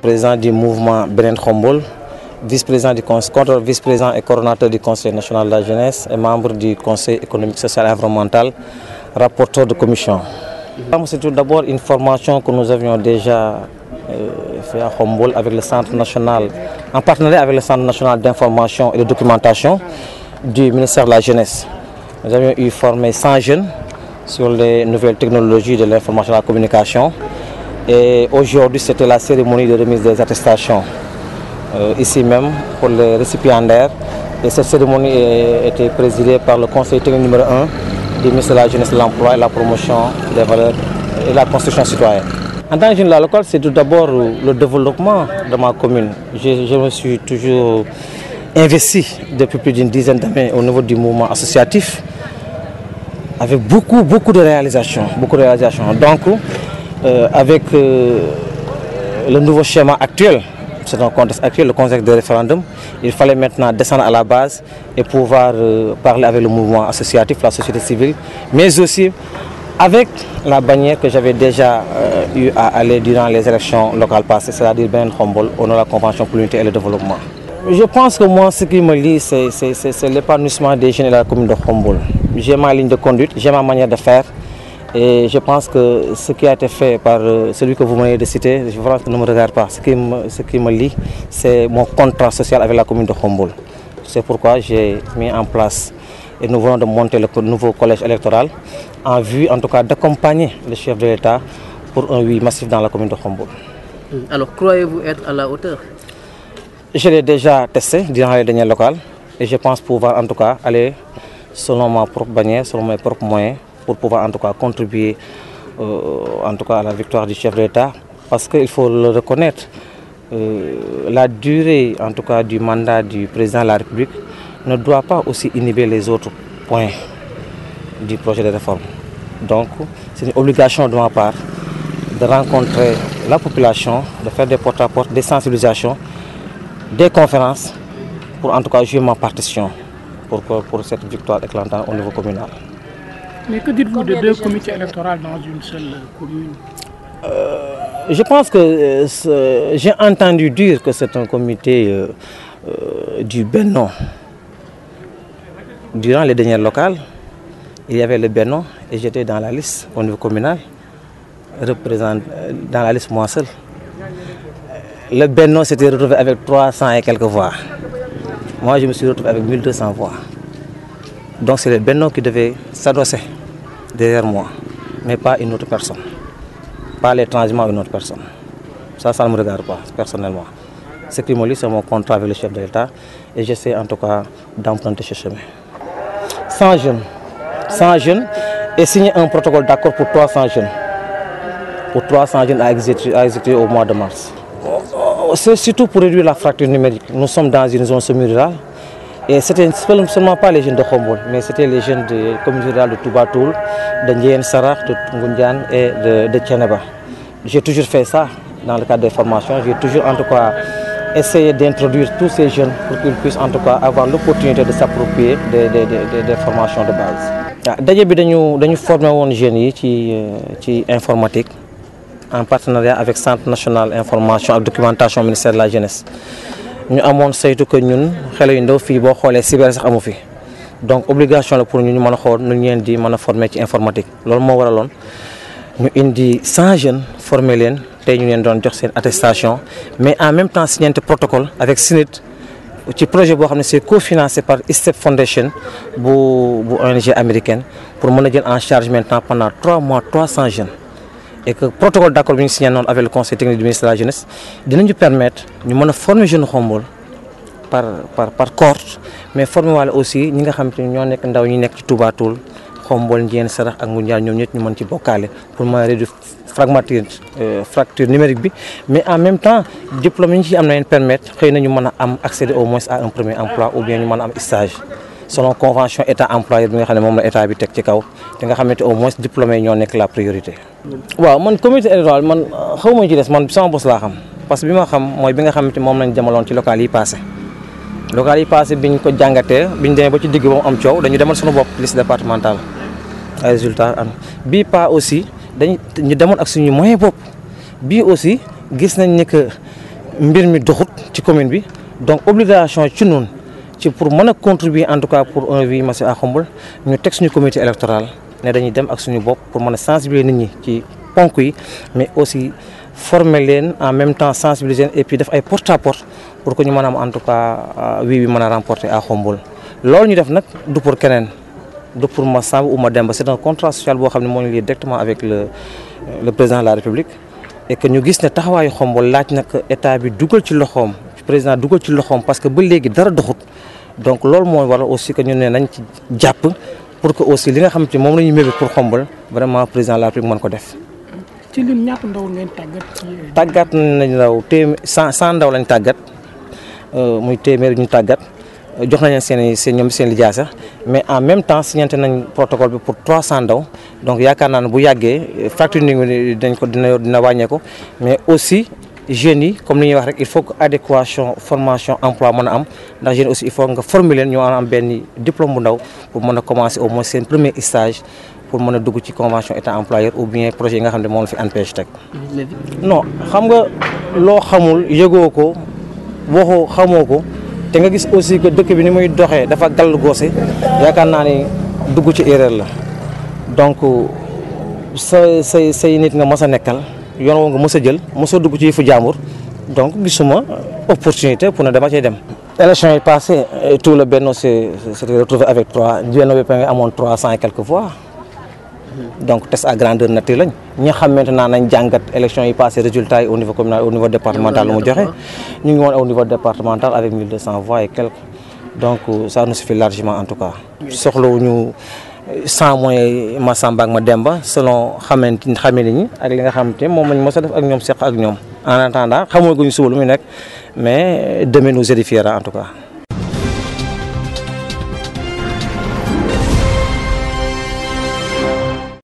président du mouvement Beren Khombol, vice-président du conseil, vice-président et coordonnateur du Conseil national de la jeunesse et membre du Conseil économique, social et environnemental, rapporteur de commission. C'est tout d'abord une formation que nous avions déjà euh, fait à Khombol avec le Centre national, en partenariat avec le Centre national d'information et de documentation du ministère de la Jeunesse. Nous avions eu formé 100 jeunes sur les nouvelles technologies de l'information et de la communication. Et aujourd'hui, c'était la cérémonie de remise des attestations, euh, ici même, pour les récipiendaires. Et cette cérémonie était présidée par le conseil technique numéro 1 du ministre de la Jeunesse, de l'Emploi et la Promotion des Valeurs et la Construction Citoyenne. En tant que jeune la locale, c'est tout d'abord le développement de ma commune. Je, me suis toujours investi depuis plus d'une dizaine d'années au niveau du mouvement associatif avec beaucoup, beaucoup de réalisations. Beaucoup de réalisations. Donc, euh, avec euh, le nouveau schéma actuel, c'est un contexte actuel, le contexte de référendum, il fallait maintenant descendre à la base et pouvoir euh, parler avec le mouvement associatif, la société civile, mais aussi avec la bannière que j'avais déjà eu à aller durant les élections locales passées, c'est-à-dire Ben Rombol, au nom de la Convention pour l'unité et le développement. Je pense que moi, ce qui me lie, c'est l'épanouissement des jeunes de la commune de Rombol. J'ai ma ligne de conduite, j'ai ma manière de faire, et je pense que ce qui a été fait par euh, celui que vous m'avez de citer, je pense ne me regarde pas. Ce qui me, ce qui me lie, c'est mon contrat social avec la commune de Khomboul. C'est pourquoi j'ai mis en place et nous venons de monter le nouveau collège électoral en vue en tout cas d'accompagner le chef de l'État pour un oui massif dans la commune de Khomboul. Alors croyez-vous être à la hauteur Je l'ai déjà testé durant les derniers locales et je pense pouvoir en tout cas aller selon ma propre bannière, selon mes propres moyens pour pouvoir en tout cas contribuer euh, en tout cas à la victoire du chef de l'État. Parce qu'il faut le reconnaître, euh, la durée en tout cas du mandat du président de la République ne doit pas aussi inhiber les autres points du projet de réforme. Donc c'est une obligation de ma part de rencontrer la population, de faire des porte-à-porte, des sensibilisations, des conférences, pour en tout cas jouer ma partition pour, pour cette victoire éclatante au niveau communal. Mais que dites-vous de deux comités électoraux dans une seule euh, commune euh, Je pense que euh, j'ai entendu dire que c'est un comité du Bénon. Durant les dernières locales, il y avait le Bénon et j'étais dans la liste au niveau communal, dans la liste moi seul. Le Bénon s'était retrouvé avec 300 et quelques voix. Moi, je me suis retrouvé avec 1200 voix. Donc c'est le Bénon qui devait s'adresser derrière moi, mais pas une autre personne. Pas l'étrangement à une autre personne. Ça, ça ne me regarde pas, personnellement. Ce qui me lie, c'est mon contrat avec le chef de l'État et j'essaie en tout cas d'emprunter ce chemin. 100 jeunes, 100 jeunes et signer un protocole d'accord pour 300 jeunes. Pour 300 jeunes à exécuter au mois de mars. C'est surtout pour réduire la fracture numérique. Nous sommes dans une zone semi-rurale et c'était seulement pas les jeunes de Khombol, mais c'était les jeunes de la communauté de Toubatoul, de Ndien Sarah, de Tungundian et de, de J'ai toujours fait ça dans le cadre des formations. J'ai toujours en tout cas essayé d'introduire tous ces jeunes pour qu'ils puissent en tout cas avoir l'opportunité de s'approprier des, formations de base. D'ailleurs, nous avons formé un jeune qui informatique en partenariat avec le Centre national information et documentation ministère de la Jeunesse. Nous avons saytu que ñun yu cyber donc obligation pour nous ñu mën former informatique loolu mo waralon ñu jeunes former nous tay ñu leen doon jox attestation mais en même temps signé un protocole avec SNIT ci projet bo cofinancé par Step Foundation bu bu ONG américaine pour nous jël en charge maintenant pendant 3 mois 300 jeunes et que protocole d'accord signé avec le conseil technique du ministère de la jeunesse nous permettre former jeune jeunes par par par mais former aussi ñi nga jeunes pour réduire euh, fracture numérique mais en même temps diplôme yi ci accéder au moins à un premier emploi ou bien ñu stage. selon convention état employeur la bi ci au moins la priorité. waaw man comité électoral man euh, xaw ma ci des man sama bos laa xam parce que bi ma xam mooy bi nga xam ne moom lañ jamaloon ci local yi passé local yi passé biñ ko jàngatee biñ demee ba ci digg ba mu am coow dañu demal suñu bopp liste départementale ay résultat am bii pas aussi dañ ñu demoon ak suñu moyen bopp bi aussi gis nañ ne que mbir mi doxut ci commune bi donc obligation ci noonu ci pour mën a contribuer en tout cas pour un vie monsieur Akhombole ñu teg suñu comité électoral ne dañuy dem ak suñu bopp pour mën a sensibiliser nit ñi ci ponk yi mais aussi former leen en même temps sensibiliser et puis def ay porte à porte pour que ñu mën a am en tout cas wi euh, bi mën a remporter à Khombole loolu ñu def nag du pour keneen du pour ma Samba ou ma Demba c'est un contrat social boo xam ne moo ñu lié directement avec le euh, le président de la République et que ñu gis ne taxawaayu Khombole laaj na que état bi dugal ci loxoom président dugal ci loxoom parce que ba léegi dara doxut donc loolu mooy waral aussi que ñu ne nañ ci jàpp pour que aussi li nga xam ci moom la ñu mébét pour xombal vraiment président de la République mën ko def. ci lim ñaata ndaw ngeen tàggat. Euh, tàggat nañ ndaw téeméer cent cent ndaw lañ tàggat euh, muy téeméer ñu tàggat jox nañ seen seen ñoom seen lijaasa mais en même temps signé nañ protocole bi pour 300 ndaw donc yaakaar naa bu yàggee facture ni dañ ko dina dina wàññeeku mais aussi jeunes yi comme ni ñuy wax rek il faut que adéquation formation emploi mën a am ndax jeunes aussi il faut nga former leen ñoo am benn diplôme bu ndaw pour mën commencer au moins seen premier stage pour mën a dugg ci convention état employeur ou bien projet yi nga xam ne la fi ANPEJ teg. non xam nga loo xamul yëgoo ko waxoo xamoo ko te nga gis aussi que dëkk bi ni muy doxee dafa gàll goose yaakaar naa ni dugg ci erreur la donc euh, say say say nit nga mës a nekkal yoon y nga a jël mosoo dugg ci fu jaambur donc gisuma opportunité pour ne dama cay dem. élection yi passé euh, tout le Benno s'est retrouvé avec trois bi et quelques voix donc test à grandeur nature lañ ñi xam maintenant nañ l'élection élection yi passé résultat résultats au niveau communal au niveau départemental Nous mu au niveau départemental avec 1200 voix et quelques donc euh, ça nous suffit largement en tout cas sans moyen ma Samba ak ma Demba selon xamante ni xame nañu ak li nga xamante ne moom lañ mos a def ak ñoom seq ak ñoom en attendant xamoo ko ñu suba lu muy nekk mais demain nous édifiera en tout cas.